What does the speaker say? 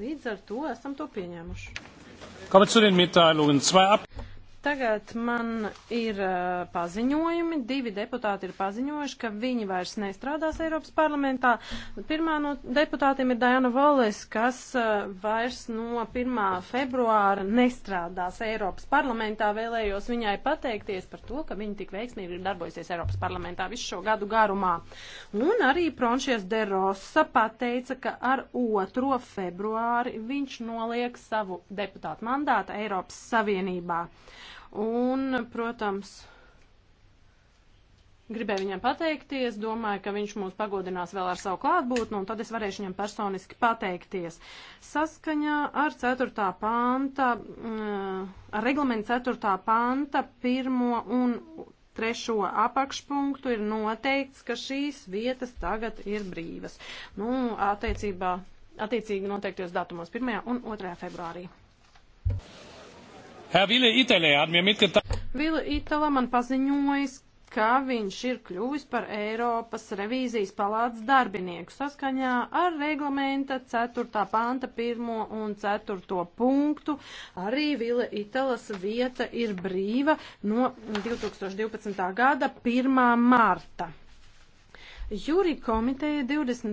Līdz ar to esam to pieņēmuši. Kāpēc tur ir mitālūgi? Tagad man ir uh, paziņojumi. Divi deputāti ir paziņojuši, ka viņi vairs nestrādās Eiropas parlamentā. Pirmā no deputātiem ir Dajana Voles, kas uh, vairs no 1. februāra nestrādās Eiropas parlamentā. Vēlējos viņai pateikties par to, ka viņa tik veiksmīgi ir darbojusies Eiropas parlamentā visu šo gadu garumā. Un arī Pronšies de Rosa pateica, ka ar 2. februāri viņš noliek savu deputātu mandātu Eiropas Savienībā. Thank you. Un, protams, gribēju viņam pateikties, domāju, ka viņš mūs pagodinās vēl ar savu klātbūtni, un tad es varēšu viņam personiski pateikties. Saskaņā ar 4. panta, mm, ar reglamentu 4. panta, 1. un 3. apakšpunktu ir noteikts, ka šīs vietas tagad ir brīvas. Nu, attiecībā, attiecīgi noteiktos datumos 1. un 2. februārī. Herr Wille Itele hat mir mitgeteilt. Vila Itala man paziņojas, ka viņš ir kļuvis par Eiropas revīzijas palātas darbinieku saskaņā ar reglamenta 4. panta 1. un 4. punktu. Arī Vila Italas vieta ir brīva no 2012. gada 1. marta. Jūri komiteja 20.